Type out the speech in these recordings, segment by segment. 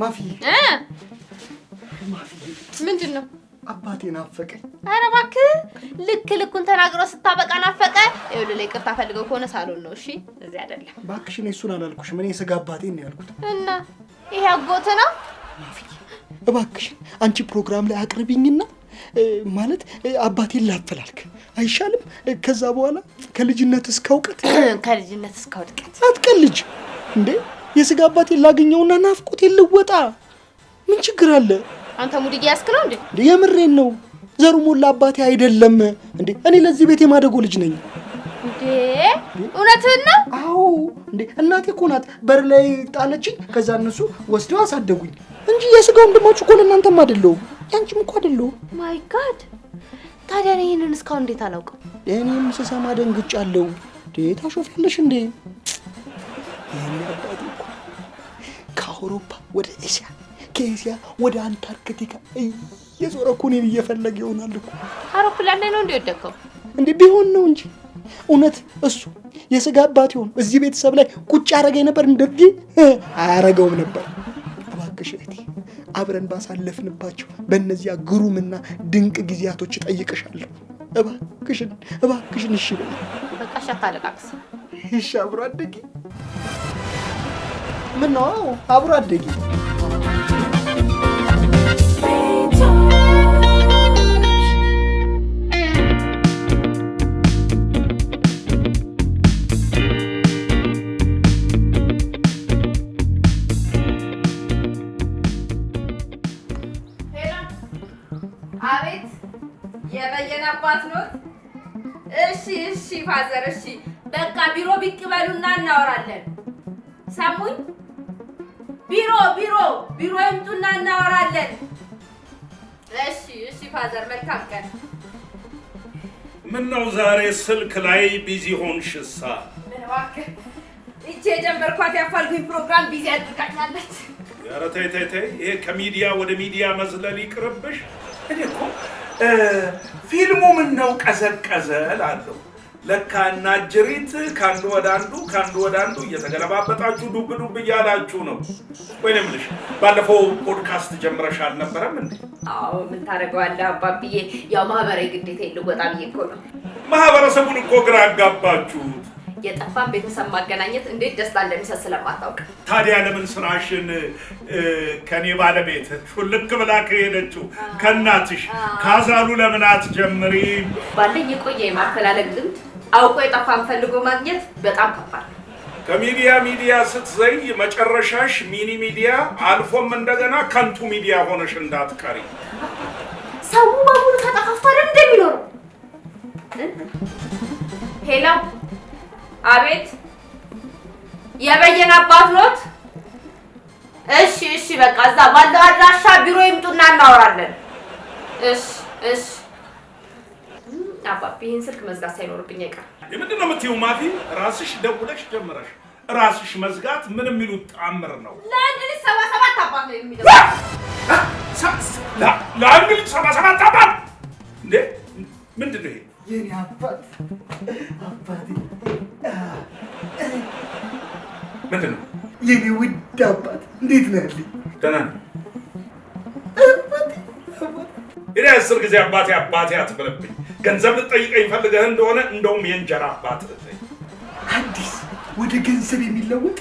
ማፍዬ ምንድን ነው? አባቴ ናፈቀ። ኧረ እባክህ ልክ ልኩን ተናግሮ ስታበቃ ናፈቀ። ይኸውልህ ላይ ይቅርታ ፈልገው ከሆነ ሳሎን ነው። እሺ እዚህ አይደለም። እባክሽ እኔ እሱን አላልኩሽም። እኔ ስጋ አባቴ ነው ያልኩት። እና ይሄ አጎት ነው። እባክሽን አንቺ ፕሮግራም ላይ አቅርቢኝና ማለት አባቴን ላፈላልክ አይሻልም? ከዛ በኋላ ከልጅነት እስከ እውቀት ከልጅነት እስከ እውቀት አትቀልጅ እንዴ የስጋ አባቴ ላገኘውና ናፍቆቴ ልወጣ። ምን ችግር አለ? አንተ ሙድጌ ያስክ ነው እንዴ? የምሬን ነው። ዘሩ ሞላ አባቴ አይደለም እንዴ? እኔ ለዚህ ቤት የማደጎ ልጅ ነኝ። እውነትህን ነው? አዎ። እንዴ እናቴ እኮ ናት በር ላይ ጣለችኝ። ከዛ እነሱ ወስደው አሳደጉኝ እንጂ የስጋ ወንድማችሁ እኮ ለእናንተም አይደለሁም፣ ያንቺም እኮ አይደለሁም። ማይ ጋድ! ታዲያ እኔ ይህንን እስካሁን እንዴት አላውቅም? እኔም ስሰማ ደንግጫለሁ። እንዴ ታሾፊያለሽ አባቴ ከአውሮፓ ወደ ኤስያ ከኤስያ ወደ አንታርክቲካ እየዞረ እኮ እኔን እየፈለገ ይሆናል እኮ። አውሮፕላን ላይ ነው እንደ ወደቀው እንደ ቢሆን ነው እንጂ እውነት እሱ የስጋ አባት ይሆን እዚህ ቤተሰብ ላይ ቁጭ ያደረገኝ ነበር? እንደዚህ አያረገውም ነበር። እባክሽ እህቴ አብረን ባሳለፍንባቸው በእነዚያ ግሩምና ድንቅ ጊዜያቶች እጠይቅሻለሁ። እባክሽን እባክሽን፣ እሺ በቃ። እሺ አታለቃቅስ። እሺ አብሮ አደጌ ምን ነው አብሮ አደጌ ቢሮ ይምጡና እናወራለን። እሺ፣ እሺ ፋዘር፣ መልካም ቀን። ምነው ዛሬ ስልክ ላይ ቢዚ ሆንሽሳ? ምን እባክህ እጄ የጀመርኳት ያፋልኩኝ ፕሮግራም ቢዚ አድርጋኛለች። ኧረ ተይ ተይ ተይ፣ ይሄ ከሚዲያ ወደ ሚዲያ መዝለል ይቅርብሽ። እኔ እኮ ፊልሙ ምን ነው ቀዘቀዘ እላለሁ። ለካ እናጅሪት ከአንዱ ወደ አንዱ ከአንዱ ወደ አንዱ እየተገለባበጣችሁ ዱብ ዱብ እያላችሁ ነው። ወይኔ የምልሽ ባለፈው ፖድካስት ጀምረሽ አልነበረም እንዴ? አዎ ምን ታደርገዋለህ አባብዬ፣ ያው ማህበራዊ ግዴታ ልወጣ ብዬ እኮ ነው። ማህበረሰቡን እኮ ግራ አጋባችሁት። የጠፋን ቤተሰብ ማገናኘት እንዴት ደስታ እንደሚሰጥ ስለማታውቅ ታዲያ ለምን ስራሽን ከኔ ባለቤት ሹልክ ብላ ከሄደችው ከእናትሽ ካዛሉ ለምን አትጀምሪ? ባለኝ የቆየ የማፈላለግ ልምድ አውቆ የጠፋን ፈልጎ ማግኘት በጣም ከባድ ነው። ከሚዲያ ሚዲያ ስትዘይ መጨረሻሽ ሚኒ ሚዲያ አልፎም እንደገና ከንቱ ሚዲያ ሆነሽ እንዳትቀሪ። ሰው በሙሉ ተጠፋፍቷል እንደሚኖረው ሄሎ፣ አቤት፣ የበየነ አባት ኖት? እሺ፣ እሺ፣ በቃ እዛ ባለው አድራሻ ቢሮ ይምጡና እናወራለን። እሺ፣ እሺ አባቢ ይህን ስልክ መዝጋት ሳይኖርብኝ አይቀርም። የምንድን ነው የምትይው? ማፊ ራስሽ ደውለሽ ጀምረሽ ራስሽ መዝጋት ምን የሚሉት ጣምር ነው? ለአንድ ልጅ ሰባ ሰባት አባት እንዴ! ምንድን ነው ይሄ? የኔ አባት አባቴ፣ ምንድን ነው የኔ ውድ አባት፣ እንዴት ነው ያለኝ? ደህና ነው አባቴ እኔ አስር ጊዜ አባቴ አባቴ አትበለብኝ። ገንዘብ ልጠይቀኝ ፈልገህ እንደሆነ እንደውም የእንጀራ አባት አዲስ ወደ ገንዘብ የሚለወጥ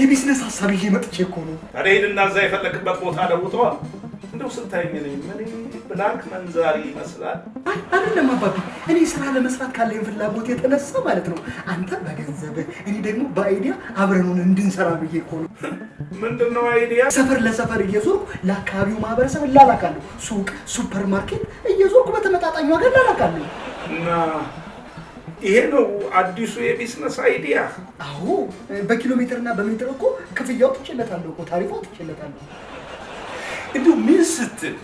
የቢዝነስ ሀሳብ እየመጥቼ መጥቼ እኮ ነው። ታዲያ ሂድና እዛ የፈለግበት ቦታ ለውጠዋል። እንደው ስታይ ነኝ ብላንክ መንዛሪ ይመስላል። አይደለም አባቢ፣ እኔ ስራ ለመስራት ካለኝ ፍላጎት የተነሳ ማለት ነው። አንተ በገንዘብ እኔ ደግሞ በአይዲያ አብረኑን እንድንሰራ ብዬ እኮ ነው። ምንድን ነው አይዲያ? ሰፈር ለሰፈር እየዞርኩ ለአካባቢው ማህበረሰብ እላላካለሁ። ሱቅ፣ ሱፐር ማርኬት እየዞርኩ በተመጣጣኝ ዋጋ እላላካለሁ እና ይሄ ነው አዲሱ የቢዝነስ አይዲያ። አዎ፣ በኪሎ በሜትር እኮ ክፍያው ትችለታለሁ እኮ ታሪፎ ትችለታለሁ እንዲሁ ምን ስትል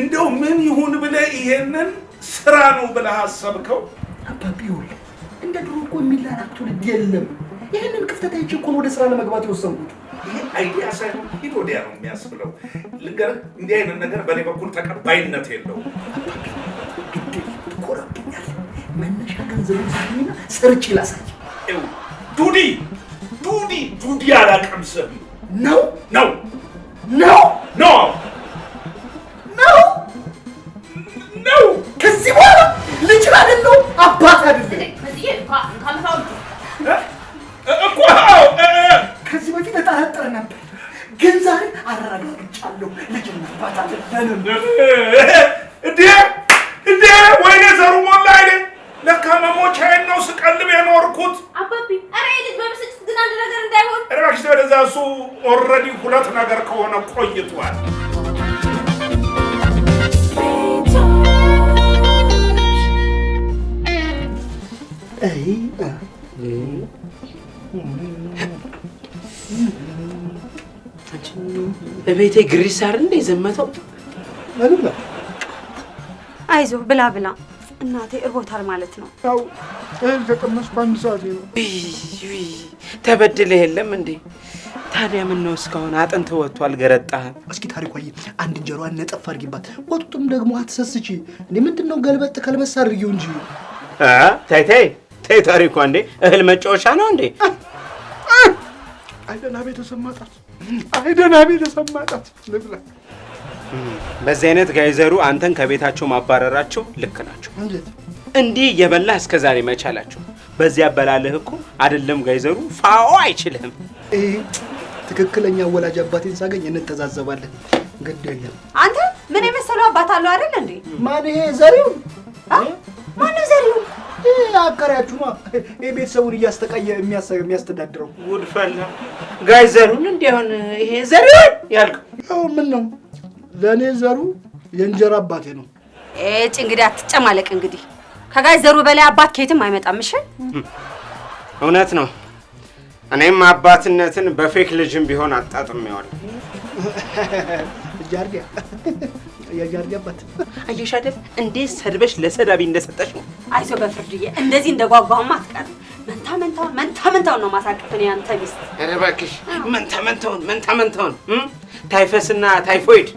እንደው ምን ይሁን ብለህ ይሄንን ስራ ነው ብለህ አሰብከው? አባቢውል እንደ ድሮ እኮ የሚላላክ ትውልድ የለም። ይህንን ክፍተት አይቼ እኮ ወደ ስራ ለመግባት የወሰንኩት። ይህ አይዲያ ሳይሆን ሂድ ወዲያ ነው የሚያስብለው። ልገር እንዲህ አይነት ነገር በእኔ በኩል ተቀባይነት የለው። አባቢ ትኮራብኛል። መነሻ ገንዘብ ሳሚና ሰርች ላሳይ። ዱዲ ዱዲ ዱዲ አላቀምስህም ነው ነው ነው ነው ነው ነው። ከዚህ በኋላ ልጅ አይደለው አባት አይደለም ከዚህ በፊት እጠረጥር ነበር፣ ግን ዛሬ አረጋግጫለሁ። ልጅና አባት አይደለንም። እንዴ ወይኔ ዘሩ ሞላ አይኔ። ለካ መሞቻዬን ነው ስቀልብ የኖርኩት። እንዳይሆን እባክሽ ወደዛ። እሱ ኦልሬዲ ሁለት ነገር ከሆነ ቆይቷል። በቤቴ ግሪሳር እንደ ዘመተው አይዞህ ብላ ብላ እናቴ እርቦታል ማለት ነው። ያው እህል ተቀመስኩ አንድ ሰዓት ነው። ተበድለ የለም እንዴ? ታዲያ ምን ነው እስካሁን አጥንት ወጥቷል። ገረጣህም እስኪ ታሪኳዬ አንድ እንጀሯን ነጠፍ አድርጊባት፣ ወጡም ደግሞ አትሰስቺ እንዴ። ምንድን ነው ገልበጥ ከልበስ አድርጊው እንጂ። ተይ ታይ ተይ፣ ታሪኳ እንዴ እህል መጫወቻ ነው እንዴ? አይደና ቤተሰብ ማጣት፣ አይደና ቤተሰብ ማጣት። ልብላ በዚህ አይነት ጋይዘሩ አንተን ከቤታቸው ማባረራቸው ልክ ናቸው። እንዲህ እየበላህ እስከ ዛሬ መቻላቸው በዚህ አበላለህ እኮ አይደለም ጋይዘሩ ፋኦ አይችልህም። ትክክለኛ ወላጅ አባቴን ሳገኝ እንተዛዘባለን። ግድ የለም አንተ ምን የመሰለው አባት አለው አይደል እንዴ? ማን ይሄ ዘሪሁን? ማነው ዘሪሁን? አከራያችሁ ነው ቤተሰቡን እያስተቃየ የሚያስተዳድረው። ጉድፈላ ጋይዘሩን እንዲሆን ይሄ ዘሪውን ያልከው ምን ነው? ለእኔ ዘሩ የእንጀራ አባቴ ነው። እጭ እንግዲህ አትጨማለቅ። እንግዲህ ከጋይ ዘሩ በላይ አባት ከየትም አይመጣም። እሺ እውነት ነው። እኔም አባትነትን በፌክ ልጅም ቢሆን አጣጥሜዋለሁ። እጃርጊያ እያጃርጊያ አባት አየሽ እንዴት ሰድበሽ ለሰዳቢ እንደሰጠሽ ነው። አይዞህ በፍርድዬ፣ እንደዚህ እንደጓጓማ አትቀር መንታ መንታውን መንታ መንታውን ነው ማሳቀፍን ያንተ ሚስት። ኧረ እባክሽ መንታ መንታውን መንታ መንታውን ታይፈስና ታይፎይድ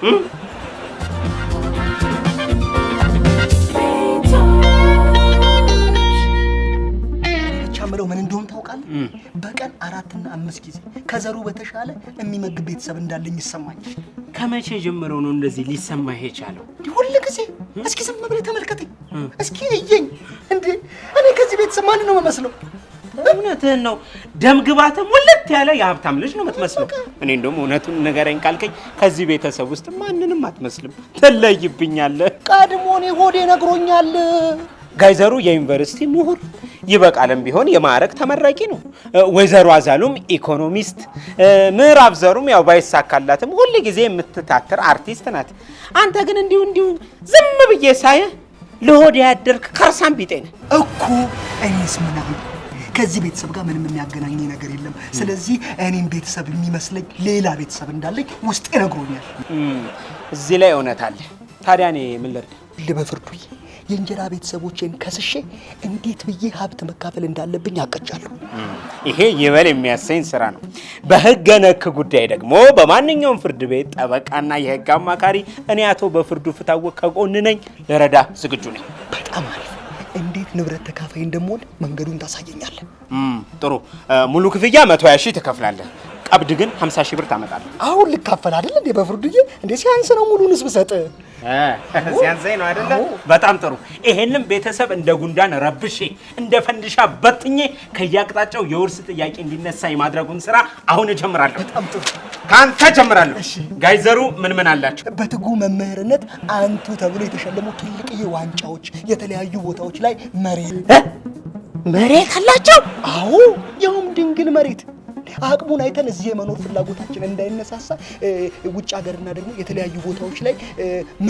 የምለው ምን እንደሆነ ታውቃለህ? በቀን አራትና አምስት ጊዜ ከዘሩ በተሻለ የሚመግብ ቤተሰብ እንዳለኝ ይሰማኛል። ከመቼ ጀምረው ነው እንደዚህ ሊሰማህ የቻለው? ሁል ጊዜ እስኪ ዝም ብለህ ተመልከተኝ፣ እስኪ እየኝ። እንዴ እኔ ከዚህ ቤተሰብ ማን ነው የምመስለው? እውነትህን ነው። ደም ግባትም ሁለት ያለ የሀብታም ልጅ ነው የምትመስለው። እኔ እንደውም እውነቱን ንገረኝ ካልከኝ ከዚህ ቤተሰብ ውስጥ ማንንም አትመስልም፣ ትለይብኛለህ። ቀድሞ እኔ ሆዴ ነግሮኛል። ጋይዘሩ የዩኒቨርሲቲ ምሁር ይበቃልም ቢሆን የማዕረግ ተመራቂ ነው። ወይዘሮ አዛሉም ኢኮኖሚስት፣ ምዕራብ ዘሩም ያው ባይሳካላትም ሁል ጊዜ የምትታትር አርቲስት ናት። አንተ ግን እንዲሁ እንዲሁ ዝም ብዬ ሳየ ለሆዴ ያደርክ ከርሳም ቢጤ ነህ እኮ እኔስ ምናምን ከዚህ ቤተሰብ ጋር ምንም የሚያገናኝ ነገር የለም። ስለዚህ እኔም ቤተሰብ የሚመስለኝ ሌላ ቤተሰብ እንዳለኝ ውስጤ ነግሮኛል። እዚህ ላይ እውነት አለ። ታዲያ እኔ ምን ልርዳ? በፍርዱ የእንጀራ ቤተሰቦቼን ከስሼ እንዴት ብዬ ሀብት መካፈል እንዳለብኝ አቀጫለሁ። ይሄ ይበል የሚያሰኝ ስራ ነው። በህገ ነክ ጉዳይ ደግሞ በማንኛውም ፍርድ ቤት ጠበቃና የህግ አማካሪ እኔ አቶ በፍርዱ ፍታወቅ ከጎን ነኝ፣ ልረዳ ዝግጁ ነኝ። በጣም አሪፍ ንብረት ተካፋይ እንደምሆን መንገዱን ታሳየኛለህ። ጥሩ ሙሉ ክፍያ መቶ ሀያ ሺህ ትከፍላለህ። ቀብድ ግን 50 ሺህ ብር ታመጣለህ። አሁን ልካፈል አይደል እንዴ? በፍርዱዬ እንዴ ሲያንስ ነው ሙሉ ንስብ ሰጥ ሲያንስ ነው አይደለ? በጣም ጥሩ። ይሄንም ቤተሰብ እንደ ጉንዳን ረብሼ እንደ ፈንድሻ በጥኜ ከየአቅጣጫው የውርስ ጥያቄ እንዲነሳ የማድረጉን ስራ አሁን እጀምራለሁ። በጣም ጥሩ። ከአንተ ጀምራለሁ። ጋይዘሩ ምን ምን አላቸው? በትጉ መምህርነት አንቱ ተብሎ የተሸለሙ ትልቅዬ ዋንጫዎች፣ የተለያዩ ቦታዎች ላይ መሬት መሬት አላቸው። አዎ ያውም ድንግል መሬት አቅሙን አይተን እዚህ የመኖር ፍላጎታችን እንዳይነሳሳ ውጭ ሀገርና ደግሞ የተለያዩ ቦታዎች ላይ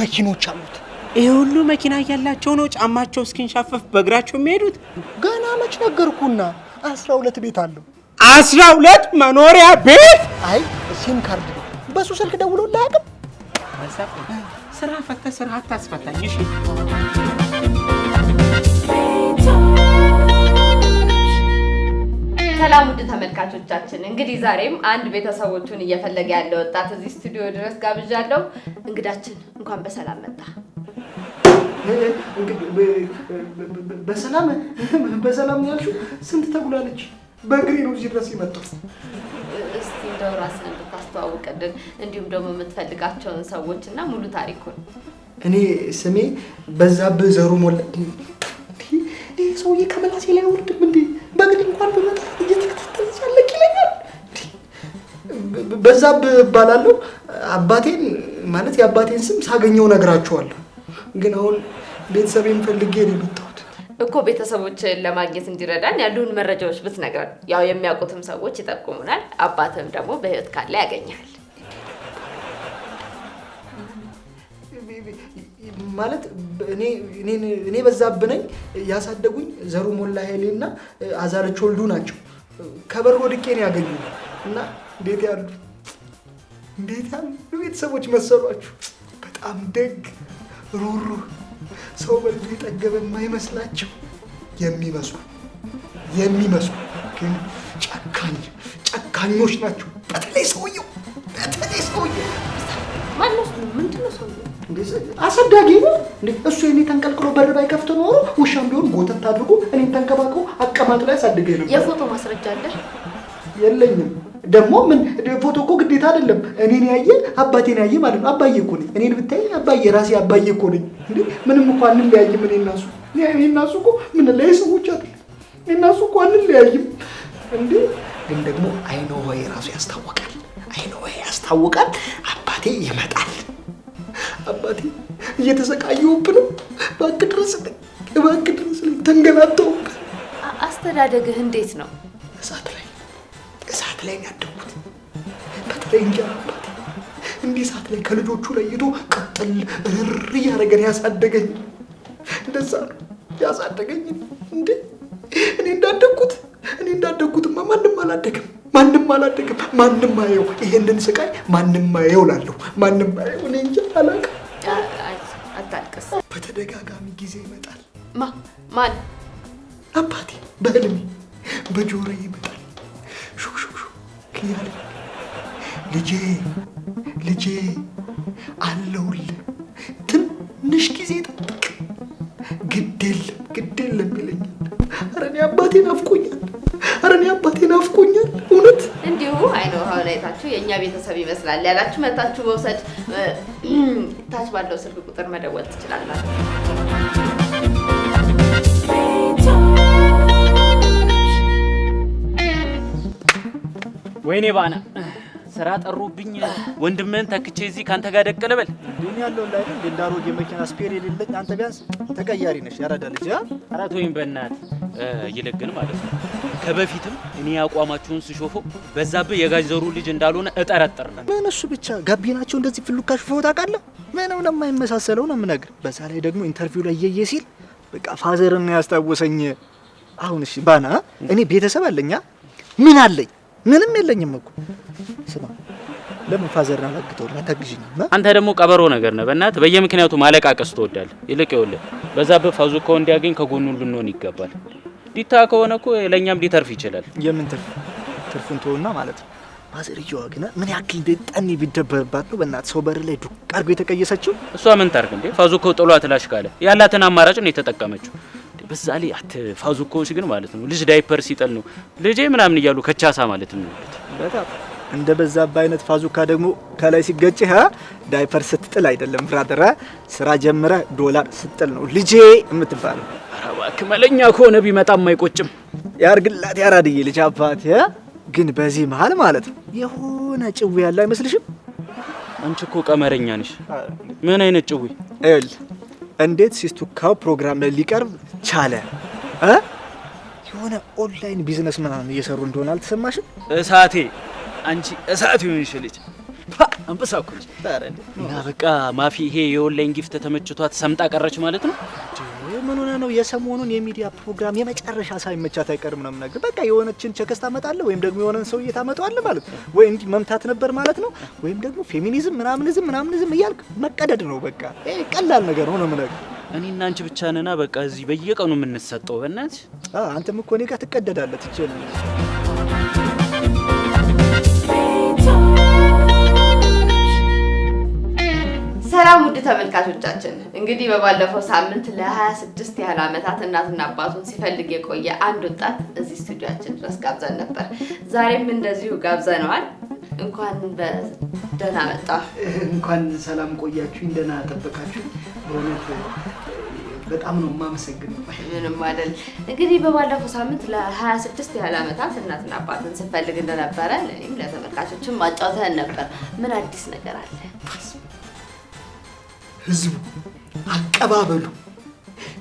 መኪኖች አሉት። ይህ ሁሉ መኪና እያላቸው ነው ጫማቸው እስኪንሻፈፍ በእግራቸው የሚሄዱት። ገና መች ነገርኩና አስራ ሁለት ቤት አለው። አስራ ሁለት መኖሪያ ቤት። አይ ሲም ካርድ ነው በሱ ስልክ ደውሎ ላያቅም ስራ ፈተ ስራ አታስፈታኝ። ሰላም ውድ ተመልካቾቻችን፣ እንግዲህ ዛሬም አንድ ቤተሰቦቹን እየፈለገ ያለ ወጣት እዚህ ስቱዲዮ ድረስ ጋብዣለሁ። እንግዳችን እንኳን በሰላም መጣ። በሰላም በሰላም ያልሽው? ስንት ተጉላለች። በእግሬ ነው እዚህ ድረስ የመጣው። እስቲ እንደው ራስን ብታስተዋውቅልን፣ እንዲሁም ደግሞ የምትፈልጋቸውን ሰዎች እና ሙሉ ታሪኩን። እኔ ስሜ በዛብህ ዘሩ ሞላ። ሰውዬ ከምላሴ ላይ ወርድም እንዴ እንግዲህ እንኳን በመጣ እየተከታተለች አለቅ ይለኛል። በዛብህ እባላለሁ። አባቴን ማለት የአባቴን ስም ሳገኘው ነግራችኋለሁ። ግን አሁን ቤተሰቤን ፈልጌ ነው የመጣሁት እኮ ቤተሰቦችን ለማግኘት እንዲረዳን ያሉን መረጃዎች ብትነግረን፣ ያው የሚያውቁትም ሰዎች ይጠቁሙናል። አባትም ደግሞ በህይወት ካለ ያገኛል። ማለት እኔ በዛብነኝ ያሳደጉኝ ዘሩ ሞላ ኃይሌ እና አዛለች ወልዱ ናቸው። ከበር ወድቄ ነው ያገኙ እና እንዴት ያሉ እንዴት ያሉ ቤተሰቦች መሰሏችሁ። በጣም ደግ ሩሩህ ሰው በልዱ የጠገበ የማይመስላቸው የሚመስሉ የሚመስሉ ግን ጨካኝ ጨካኞች ናቸው። በተለይ ሰውየው በተለይ ሰውየው ምንድነው ሰውየው አሳዳጊ ነው እሱ። የኔ ተንቀልቅሎ በር ባይከፍት ኖሮ ውሻም ቢሆን ጎተት አድርጎ እኔን ተንከባክቦ አቀማጥ ላይ አሳድገኝ ነበር። የፎቶ ማስረጃ አለ? የለኝም። ደግሞ ምን ፎቶ እኮ ግዴታ አይደለም። እኔን ያየ አባቴን ያየ ማለት ነው። አባዬ እኮ ነኝ። እኔን ብታይ አባዬ ራሴ አባዬ እኮ ነኝ። እንዴ ምንም እኮ አንለያይም። እኔ እናሱ እሱ እኔ እና እኮ ምን ላይ ሰዎች አይደል? እኔ እና እኮ አንለያይም። እንዴ ግን ደግሞ አይኖ ወይ ራሱ ያስታውቃል። አይኖ ወይ ያስታውቃል። አባቴ ይመጣል አባቴ እየተሰቃየሁብህ ነው። እባክህ ድረስልኝ፣ እባክህ ድረስልኝ። ተንገላተሁብህ። አስተዳደግህ እንዴት ነው? እሳት ላይ እሳት ላይ ያደጉት በተለይ እንጀራ አባቴ እንዲህ እሳት ላይ ከልጆቹ ለይቶ ቀጥል ርር እያደረገን ያሳደገኝ እንደዛ ነው ያሳደገኝ። እንዴ እኔ እንዳደግኩት እኔ እንዳደግኩትማ ማንም አላደግም ማንም አላደግም። ማንም አየው፣ ይሄንን ስቃይ ማንም አየው ላለሁ ማንም አየው። እኔ እንጃ አላውቅም በተደጋጋሚ ጊዜ ይመጣል። ማ ማን? አባቴ በህልሜ በጆሮዬ ይመጣል። ሹሹሹ ክያል ልጄ ልጄ አለውል ትንሽ ጊዜ ጠብቅ፣ ግድ የለም ግድ የለም ይለኛል። ኧረ እኔ አባቴ ናፍቆኛል። ኧረ እኔ አባቴ ናፍቆኛል እውነት። እንዲሁ አይነው ሁኔታችሁ የእኛ ቤተሰብ ይመስላል ያላችሁ መታችሁ መውሰድ፣ ታች ባለው ስልክ ቁጥር መደወል ትችላላችሁ። ወይኔ ባና ስራ ጠሩብኝ። ወንድምህን ተክቼ እዚህ ከአንተ ጋር ደቅ ልበል። ዱኒ ያለው ላይ እንደ አሮጌ መኪና ስፔር የሌለኝ አንተ ቢያንስ ተቀያሪ ነሽ። ያራዳልጅ አራት ወይም በእናትህ ይልቅ ግን ማለት ነው ከበፊትም እኔ አቋማችሁን ስሾፈው በዛብህ የጋጀሩ ልጅ እንዳልሆነ እጠረጥር ነበር። ምን እሱ ብቻ ጋቢናቸው እንደዚህ ፍሉካ ሾፈው ታውቃለህ? ምንም ለማይመሳሰለው ነው የምነግርህ። በዛ ላይ ደግሞ ኢንተርቪው ላይ እየየ ሲል በቃ ፋዘርን ያስታወሰኝ። አሁን እሺ ባና እኔ ቤተሰብ አለኛ ምን አለኝ? ምንም የለኝም እኮ ስማ ለምን ፋዘር አላግተው ነው። አንተ ደግሞ ቀበሮ ነገር ነህ። በእናትህ በየምክንያቱ ማለቃቀስ ትወዳለህ። ይልቅ ይኸውልህ በዛብህ ፋዙ እኮ እንዲያገኝ ከጎኑ ልንሆን ይገባል። ዲታ ከሆነ እኮ ለእኛም ሊተርፍ ይችላል። የምን ትርፍ? ትርፉን ተወና ማለት ነው። ማዘርየዋ ግን ምን ያክል እንደ ጠኔ ቢደበርባት ነው በእናትህ ሰው በር ላይ ዱቅ አድርጎ የተቀየሰችው። እሷ ምን ታርግ እንዴ? ፋዙ እኮ ጥሏት ላሽ ካለ ያላትን አማራጭ ነው የተጠቀመችው። በዛ ላይ አት ፋዙ እኮዎች ግን ማለት ነው ልጅ ዳይፐር ሲጠል ነው ልጄ ምናምን እያሉ ከቻሳ ማለት ነው። በጣም እንደ በዛብህ አይነት ፋዙካ ደግሞ ከላይ ሲገጭህ ዳይፐር ስትጥል አይደለም ብራደራ፣ ስራ ጀምረ ዶላር ስትጥል ነው ልጄ የምትባለው። እባክህ መለኛ ከሆነ ቢመጣም አይቆጭም። ያርግላት ያራድዬ ልጅ አባት። ግን በዚህ መሀል ማለት ነው የሆነ ጭዊ ያለ አይመስልሽም? አንቺ እኮ ቀመረኛ ነሽ። ምን አይነት ጭዊ እል እንዴት ሲስቱካው ፕሮግራም ላይ ሊቀርብ ቻለ? የሆነ ኦንላይን ቢዝነስ ምናምን እየሰሩ እንደሆነ አልተሰማሽም? እሳቴ አንቺ እሳት ይሆንሽ ልጅ እንብሳ እኮ ነች። እና በቃ ማፊ ይሄ የኦንላይን ጊፍት ተመችቷት ሰምጣ ቀረች ማለት ነው። ምን ሆነ ነው የሰሞኑን የሚዲያ ፕሮግራም የመጨረሻ ሳይመቻት አይቀርም ነው ነገር። በቃ የሆነችን ቸከስ ታመጣለህ ወይም ደግሞ የሆነን ሰውዬ ታመጣዋለህ ማለት ወይ እንዲህ መምታት ነበር ማለት ነው። ወይም ደግሞ ፌሚኒዝም ምናምንዝም ምናምንዝም እያልክ መቀደድ ነው። በቃ ይሄ ቀላል ነገር ነው ነው እኔ እና አንቺ ብቻ ነና በቃ እዚህ በየቀኑ የምንሰጠው በእናትሽ። አንተም እኮ እኔ ጋር ትቀደዳለህ ትቼ ነው ሰላም ውድ ተመልካቾቻችን፣ እንግዲህ በባለፈው ሳምንት ለ26 ያህል ዓመታት እናትና አባቱን ሲፈልግ የቆየ አንድ ወጣት እዚህ ስቱዲዮችን ድረስ ጋብዘን ነበር። ዛሬም እንደዚሁ ጋብዘነዋል። እንኳን በደህና መጣ። እንኳን ሰላም ቆያችሁ፣ ደህና ጠበቃችሁ። በእውነት በጣም ነው የማመሰግነው። ምንም አይደል። እንግዲህ በባለፈው ሳምንት ለ26 ያህል ዓመታት እናትና አባትን ስፈልግ እንደነበረ ለእኔም ለተመልካቾችም ማጫወተን ነበር። ምን አዲስ ነገር አለ? ህዝቡ፣ አቀባበሉ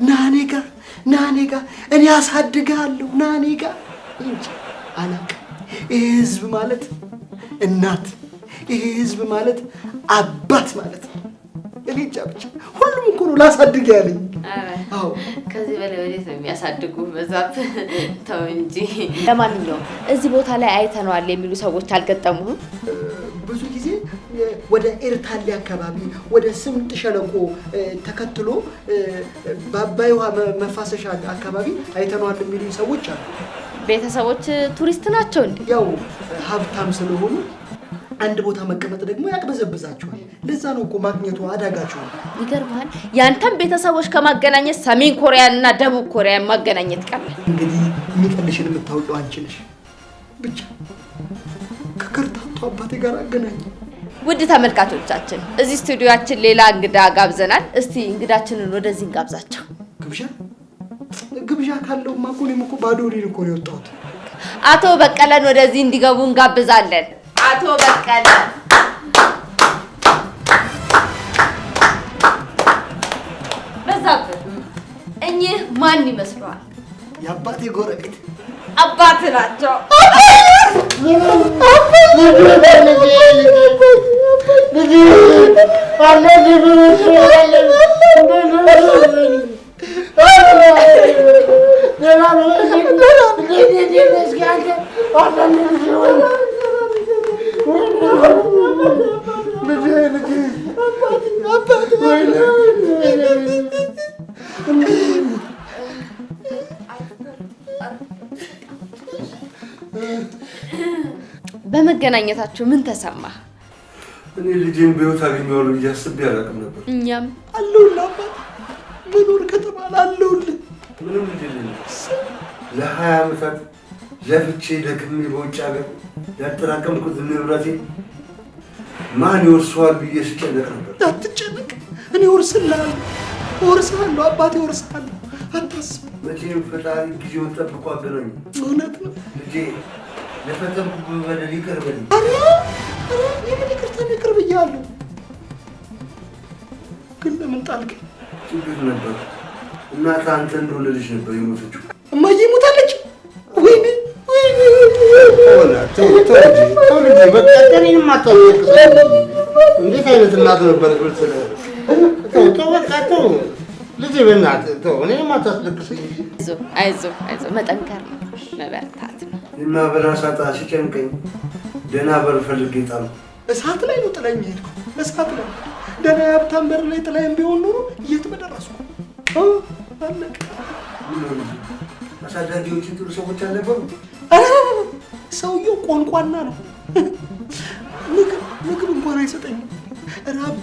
ናኔ ጋር ናኔ ጋር እኔ አሳድጋለሁ ናኔ ጋር እንጂ አላውቅም። ይሄ ህዝብ ማለት እናት፣ ይሄ ህዝብ ማለት አባት ማለት ነው። እኔ እንጃ ብቻ ሁሉም እኮ ነው ላሳድግ ያለኝ። አዎ ከዚህ በላይ ወዴት ነው የሚያሳድጉ? በዛት ተው እንጂ። ለማንኛውም እዚህ ቦታ ላይ አይተነዋል የሚሉ ሰዎች አልገጠሙም? ብዙ ጊዜ ወደ ኤርታሌ አካባቢ ወደ ስምጥ ሸለቆ ተከትሎ በአባይ ውሃ መፋሰሻ አካባቢ አይተነዋል የሚሉ ሰዎች አሉ። ቤተሰቦች ቱሪስት ናቸው እንዴ? ያው ሀብታም ስለሆኑ አንድ ቦታ መቀመጥ ደግሞ ያቅበዘብዛቸዋል። ለዛ ነው እኮ ማግኘቱ አዳጋቸዋል። ይገርማል። ያንተም ቤተሰቦች ከማገናኘት ሰሜን ኮሪያ እና ደቡብ ኮሪያ ማገናኘት ቀላል። እንግዲህ የሚቀልሽን የምታውቂው አንቺ ነሽ። ብቻ ከከርታቱ አባቴ ጋር አገናኘ ውድ ተመልካቾቻችን እዚህ ስቱዲዮችን ሌላ እንግዳ ጋብዘናል። እስቲ እንግዳችንን ወደዚህ እንጋብዛቸው። ግብዣ ግብዣ ካለው ማቁን እኮ ባዶ ሪል እኮ ነው የወጣሁት። አቶ በቀለን ወደዚህ እንዲገቡ እንጋብዛለን። አቶ በቀለን በዛብህ እኚህ ማን ይመስለዋል? የአባቴ ጎረቤት अब्बा से रात መገናኘታችሁ ምን ተሰማ? እኔ ልጄን በህይወት አገኘዋለሁ ብዬ አስቤ አላውቅም ነበር። እኛም አለሁልህ አባት መኖር ከተባለ አለሁልህ። ምንም ልጅልኝ ለሀያ ዓመታት ለፍቼ ደክሜ በውጭ ሀገር ያጠራቀምኩት ንብረቴ ማን ይወርሰዋል ብዬ ስጨነቅ ነበር። አትጨነቅ፣ እኔ ወርስልሃለሁ፣ ወርስሃለሁ፣ አባቴ ወርስሃለሁ፣ አታስብ። መቼም ፈጣሪ ጊዜውን ጠብቆ አገናኝ። እውነት ነው ልጄ ለፈጠንኩ በደል ይቅር በለኝ። ኧረ የምን ይቅርታ ነው? ይቅር ብያለሁ፣ ግን ለምን ጣልከኝ? ችግር ነበር እና ከአንተ እንደወለደች ነበር የሞተችው። እማዬ ሞታለች። እንዴት አይነት እናት ነበረች መሰለህ? በእናትህ ተው። እኔ ማታስለቅሰኝ። አይዞህ አይዞህ፣ መጠንከር ነው መበርታት ነው። የማበራሳጣ ሲጨንቀኝ ደህና በር ፈልጌ ጣሉ እሳት ላይ ነው ጥላኝ ሄድኩ። እሳት ላይ ደህና የሀብታም በር ላይ ጥላኝ ቢሆን ኖሮ የት በደረስኩ። አሳዳጊዎችን ጥሩ ሰዎች አልነበሩ። ሰውየው ቆንቋና ነው። ምግብ ምግብ እንኳን አይሰጠኝም። ራብ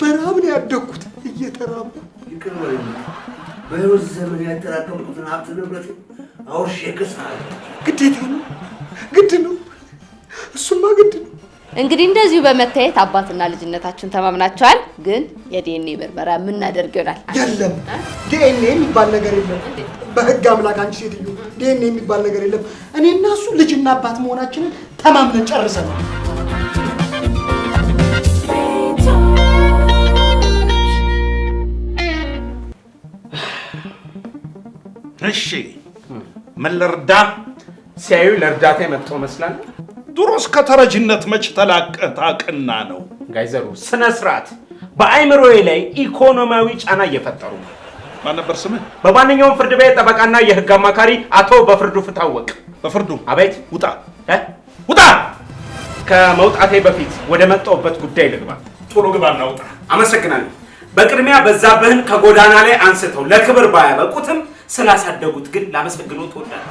በራብ ነው ያደግኩት እየተራብኩ በህይወት ዘመን ያጠራቀምኩትን ሀብት ንብረት አውርሼ እከስራለሁ። ግዴታ ነው፣ ግድ ነው፣ እሱማ ግድ ነው። እንግዲህ እንደዚሁ በመታየት አባትና ልጅነታችሁን ተማምናቸዋል። ግን የዲኤንኤ ምርመራ የምናደርግ ይሆናል። የለም ዲኤንኤ የሚባል ነገር የለም። በህግ አምላክ አንቺ ሴትዮ ዲኤንኤ የሚባል ነገር የለም። እኔ እና እሱ ልጅና አባት መሆናችንን ተማምነን ጨርሰናል። እሺ ምን ልርዳ? ሲያዩ ለእርዳታ የመጣው ይመስላል። ድሮስ ከተረጅነት መች ተላቀህ ታውቅና ነው? ጋይዘሩ ስነ ስርዓት በአይምሮዬ ላይ ኢኮኖሚያዊ ጫና እየፈጠሩ ነው። ማን ነበር ስምህ? በማንኛውም ፍርድ ቤት ጠበቃና የህግ አማካሪ አቶ በፍርዱ ፍታወቅ። በፍርዱ አቤት። ውጣ ውጣ! ከመውጣቴ በፊት ወደ መጣሁበት ጉዳይ ልግባ። ቶሎ ግባና ውጣ። አመሰግናለሁ። በቅድሚያ በዛብህን ከጎዳና ላይ አንስተው ለክብር ባያበቁትም ስላሳደጉት ግን ትወዳል።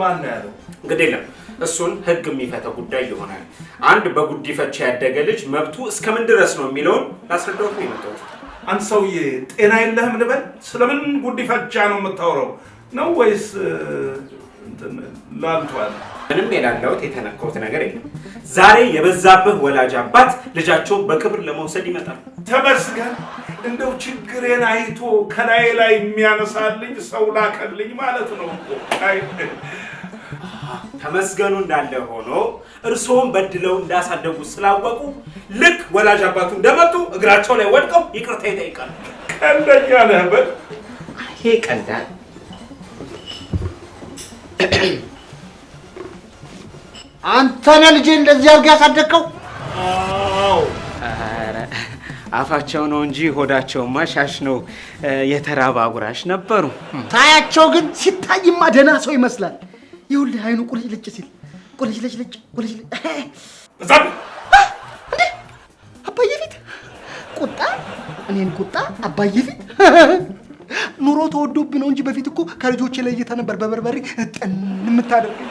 ማን ነው ያለው? እንግዲህ የለም እሱን ህግ የሚፈተው ጉዳይ ይሆናል። አንድ በጉዲፈቻ ያደገ ልጅ መብቱ እስከምን ድረስ ነው የሚለውን ላስረዳው ነው የመጣሁት። አንድ ሰውዬ ጤና የለህም ልበል? ስለምን ጉዲፈቻ ነው የምታወራው ነው ወይስ ላልቷል። ምንም የላለውት የተነካሁት ነገር የለም። ዛሬ የበዛብህ ወላጅ አባት ልጃቸውን በክብር ለመውሰድ ይመጣል። ተመስገን እንደው ችግሬን አይቶ ከላይ ላይ የሚያነሳልኝ ሰው ላከልኝ ማለት ነው። ተመስገኑ እንዳለ ሆኖ እርስዎም በድለው እንዳሳደጉ ስላወቁ ልክ ወላጅ አባቱ እንደመጡ እግራቸው ላይ ወድቀው ይቅርታ ይጠይቃል። ቀልደኛ ነህ በል። ይሄ ቀልዳል አንተ ነህ ልጄ እንደዚህ አድርገህ ያሳደግከው? አፋቸው ነው እንጂ ሆዳቸውማ ሻሽ ነው። የተራባ አጉራሽ ነበሩ። ታያቸው ግን ሲታይማ ደህና ሰው ይመስላል። ይኸውልህ አይኑ ቁልጭ ልጭ ሲል ቁልጭ ልጭ ልጭ ቁልጭ ልጭ እንደ አባዬ ፊት ቁጣ እኔን ቁጣ አባዬ ፊት ኑሮ ተወዶብ ነው እንጂ በፊት እኮ ከልጆቼ ለይተህ ነበር በበርበሬ እጥን የምታደርገኝ።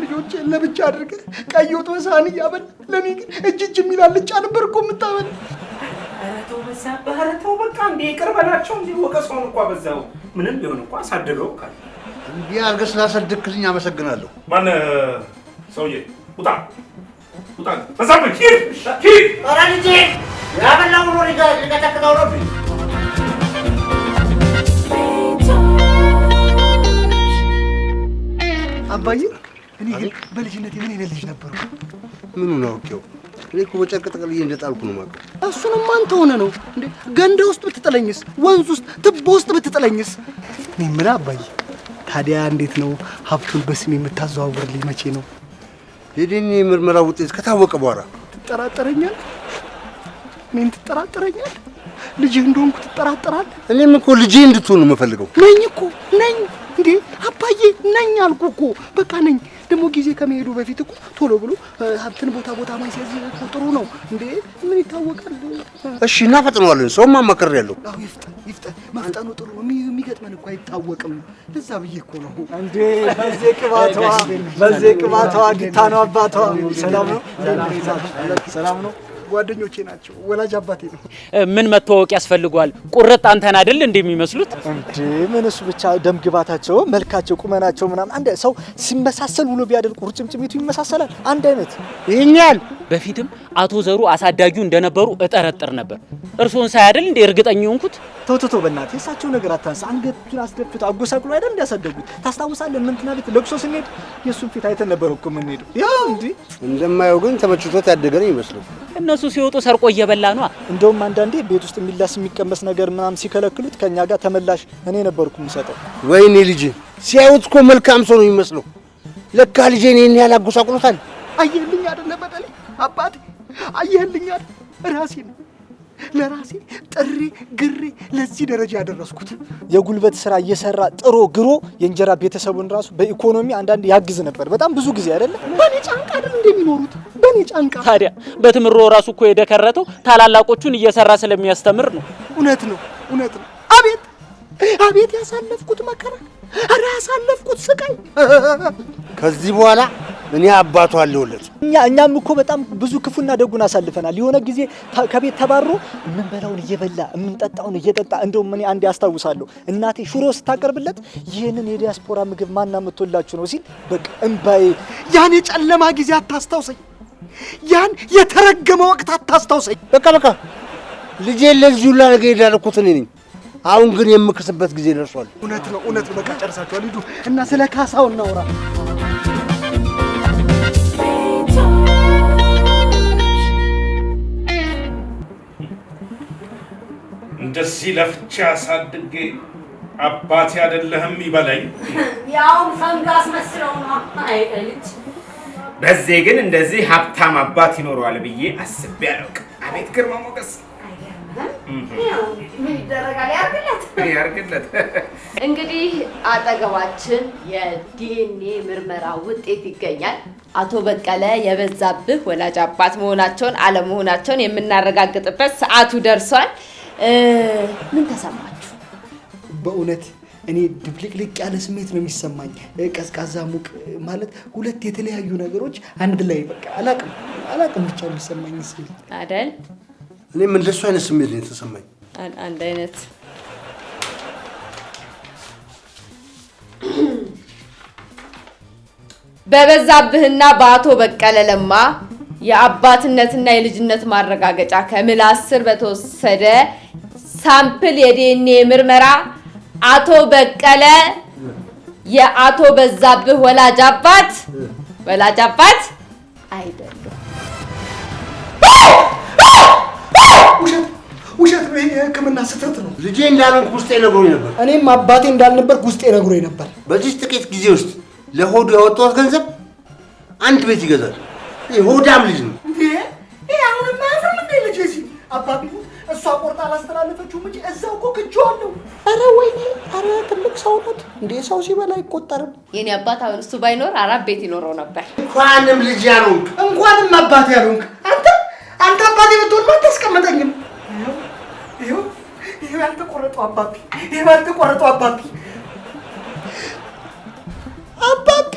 ልጆቼ ለብቻ አድርገ ቀይ ወጥ በሳህን እያበላ ለእኔ ግን እጅ እጅ የሚል አልጫ ነበር እኮ የምታበል። ኧረ ተው በቃ እንደ ይቅር በላቸው። እንደ ወቀሰውን እኳ በዛው ምንም ቢሆን እኳ አሳድገው ካል እንዲህ አድርገህ ስላሳደግክልኝ አመሰግናለሁ። ማን ሰውዬ? ውጣ ውጣ! በዛብህ ሂድ ሂድ! ኧረ ልጄ ያበላው ነው ሊቀጠቅጠው ነው አባዬ እኔ ግን በልጅነቴ ምን አይነት ልጅ ነበሩ? ምኑን አውቄው? እኔ እኮ በጨርቅ ጠቅልዬ እንደጣልኩ ነው የማውቀው። እሱንማ አንተ ሆነህ ነው እንዴ? ገንዳ ውስጥ ብትጥለኝስ? ወንዝ ውስጥ፣ ትቦ ውስጥ ብትጥለኝስ? እኔ የምልህ አባዬ፣ ታዲያ እንዴት ነው ሀብቱን በስሜ የምታዘዋውርልኝ? መቼ ነው የዲኤንኤ ምርመራ ውጤት ከታወቀ በኋላ? ትጠራጠረኛል? እኔን ትጠራጠረኛል? ልጅህ እንደሆንኩ ትጠራጠራለህ? እኔም እኮ ልጄ እንድትሆን ነው የምፈልገው። ነኝ እኮ ነኝ እንዴ አባዬ ነኝ አልኩ እኮ በቃ ነኝ። ደግሞ ጊዜ ከመሄዱ በፊት እኮ ቶሎ ብሎ ሀብትን ቦታ ቦታ ማይሲያዝ ጥሩ ነው እንዴ ምን ይታወቃል። እሺ እናፈጥነዋለን። ሰውም አማከር ያለው አዎ ይፍጠን ይፍጠን። መፍጠኑ ጥሩ የሚገጥመን እኮ አይታወቅም። ለዛ ብዬ እኮ ነው እንዴ በዜ ቅባቷ በዜ ቅባቷ ዲታ ነው አባቷ። ሰላም ነው ሰላም ነው ጓደኞቼ ናቸው። ወላጅ አባቴ ነው። ምን መተዋወቅ ያስፈልገዋል? ቁርጥ አንተን አይደል እንዴ የሚመስሉት እንዴ? ምን እሱ ብቻ ደም ግባታቸው፣ መልካቸው፣ ቁመናቸው ምናምን አንድ ሰው ሲመሳሰል ውሎ ቢያደር ቁርጭምጭሚቱ ይመሳሰላል። አንድ አይነት ይኛል። በፊትም አቶ ዘሩ አሳዳጊው እንደነበሩ እጠረጥር ነበር። እርስዎን ሳይ አይደል እንዴ እርግጠኛ ሆንኩት። ተውተቶ በእናትህ የእሳቸው ነገር አታንስ። አንገቱን አስደፍቶ አጎሳቅሎ አይደል ያሳደጉት። ታስታውሳለህ? ምንትና ቤት ለቅሶ ስንሄድ የእሱን ፊት አይተን ነበር እኮ የምንሄደው። ያው እንዲህ እንደማየው ግን ተመችቶት ያደገ ነው ይመስላል። እነሱ ሲወጡ ሰርቆ እየበላ ነው። እንደውም አንዳንዴ ቤት ውስጥ የሚላስ የሚቀመስ ነገር ምናምን ሲከለክሉት ከኛ ጋር ተመላሽ እኔ ነበርኩ የምሰጠው። ወይኔ ልጅ ሲያዩት እኮ መልካም ሰው ነው የሚመስለው። ለካ ልጄ እኔን ያላጎሳቁሎታል። አየህልኝ አይደለ በደሌ አባቴ፣ አየህልኝ አይደል ራሴ ነው ለራሴ ጥሬ ግሬ ለዚህ ደረጃ ያደረስኩት የጉልበት ስራ እየሰራ ጥሮ ግሮ የእንጀራ ቤተሰቡን ራሱ በኢኮኖሚ አንዳንድ ያግዝ ነበር። በጣም ብዙ ጊዜ አይደለም። በእኔ ጫንቃ አይደል እንደሚኖሩት በእኔ ጫንቃ። ታዲያ በትምሮ ራሱ እኮ የደከረተው ታላላቆቹን እየሰራ ስለሚያስተምር ነው። እውነት ነው፣ እውነት ነው። አቤት አቤት ያሳለፍኩት መከራ ኧረ ያሳለፍኩት ስቃይ ከዚህ በኋላ እኔ አባቱ አለሁለት። እኛ እኛም እኮ በጣም ብዙ ክፉና ደጉን አሳልፈናል። የሆነ ጊዜ ከቤት ተባሮ የምንበላውን እየበላ የምንጠጣውን እየጠጣ እንደውም እኔ አንድ ያስታውሳለሁ፣ እናቴ ሽሮ ስታቀርብለት ይህንን የዲያስፖራ ምግብ ማና መቶላችሁ ነው ሲል በቃ እምባዬ። ያን የጨለማ ጊዜ አታስታውሰኝ፣ ያን የተረገመ ወቅት አታስታውሰኝ። በቃ በቃ ልጄ ለዚሁ ላገ ዳልኩት እኔ ነኝ አሁን ግን የምክስበት ጊዜ ደርሷል። እውነት ነው፣ እውነት ነው። በቃ ጨርሳችኋል። ሂዱ እና ስለ ካሳው እናውራ። እንደዚህ ለፍቻ አሳድጌ አባቴ አይደለህም ይበለኝ። ያውም ፈንጋ አስመስለው ነው አይልች በዚህ ግን እንደዚህ ሀብታም አባት ይኖረዋል ብዬ አስቤ አላውቅም። አቤት ግርማ ሞገስ ያርግለት። እንግዲህ አጠገባችን የዲኤንኤ ምርመራ ውጤት ይገኛል። አቶ በቀለ የበዛብህ ወላጅ አባት መሆናቸውን አለመሆናቸውን የምናረጋግጥበት ሰዓቱ ደርሷል። ምን ተሰማችሁ? በእውነት እኔ ድብልቅልቅ ያለ ስሜት ነው የሚሰማኝ። ቀዝቃዛ፣ ሙቅ ማለት ሁለት የተለያዩ ነገሮች አንድ ላይ በቃ አላቅም አላቅም ብቻ የሚሰማኝ ስሜት አይደል እኔ ምን ለሱ አይነት ስሜት ነው የተሰማኝ። አንድ አይነት በበዛብህና በአቶ በቀለ ለማ የአባትነትና የልጅነት ማረጋገጫ ከምላስ ስር በተወሰደ ሳምፕል የዲኤንኤ ምርመራ አቶ በቀለ የአቶ በዛብህ ወላጅ አባት ወላጅ አባት አይደለም። ውሸት ውሸት ነው። ይሄ የሕክምና ስህተት ነው። ልጄ እንዳልሆንኩ ውስጤ ነግሮኝ ነበር። እኔም አባቴ እንዳልነበርኩ ውስጤ ነግሮኝ ነበር። በዚህ ጥቂት ጊዜ ውስጥ ለሆዱ ያወጣሁት ገንዘብ አንድ ቤት ይገዛል። ሆዳም ልጅ ነው። አሁንም አያፍርም እንዴ ልጄ ሲል አባቢ እሷ ቆርጣ አላስተላለፈችውም እንጂ እዛው እኮ ክጄዋለሁ። ኧረ ወይኔ! ኧረ ትልቅ ሰው ናት እንዴ! ሰው ሲበላ አይቆጠርም። የኔ አባት አሁን እሱ ባይኖር አራት ቤት ይኖረው ነበር። እንኳንም ልጅ ያልሆንክ እንኳንም አባት ያልሆንክ አንተ አንተ አባቴ ብትሆን አታስቀምጠኝም። ይሄው ያልተቆረጠው አባቢ፣ ይሄው ያልተቆረጠው አባቢ አባቢ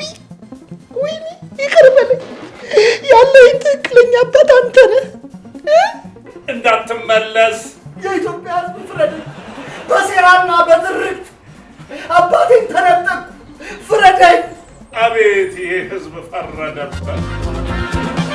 ወይኔ ይቅር በለኝ። ያለኝ ትክክለኛ አባት አንተ ነህ። እንዳትመለስ የኢትዮጵያ ሕዝብ ፍረድ። በሴራና በትርክት አባቴን ተነጠቅኩ። ፍረደኝ። አቤት ይሄ ሕዝብ ፈረደበት።